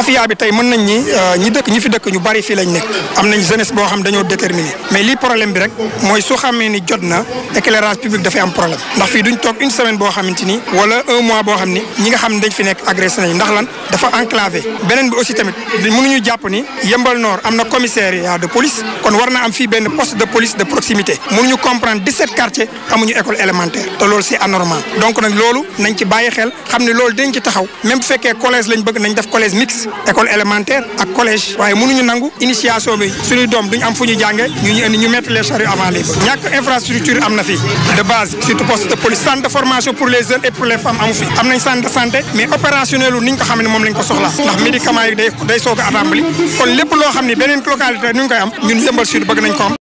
mafia bi tey mën nañ euh, ñi dëkk ñi fi dëkk ñu bari fii lañ nekk am nañ jeunesse boo xam dañoo déterminé mais lii problème bi rek mooy su xamee ni jot na éclairage public dafay dafa am na commissariat de police kon war na am fii benn poste de police de proximité mënuñu comprendre 17 quartiers amuñu école élémentaire te loolu c'est anormal donc nag loolu nañ ci bàyyi xel xam ne loolu dañ ci taxaw même fekkee collège lañ bëgg nañ def collège mixte école élémentaire ak collège waaye mënuñu nangu initiation bi suñuy doom duñ am fu ñu jànge ñu ñu indi ñu mettre les infrastructure am fi de base surtout poste de police centre de formation pour les jeunes et pour les femmes amu fi am centre de santé mais opérationnel lu ko xam ne moom lañ ko soxla ndax médicament yi day day a attambali kon lépp loo xam ne beneen localité ñu koy am ñun Yeumbeul Sud bëgg nañ ko